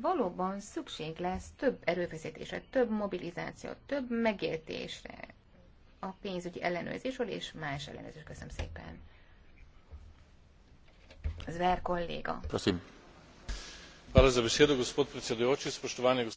valóban szükség lesz több erőfeszítésre, több mobilizáció, több megértésre a pénzügyi ellenőrzésről és más ellenőrzés. Köszönöm szépen. Zver kolléga. Köszönöm. Hvala za besedo, gospod predsedujoči, spoštovani gospod.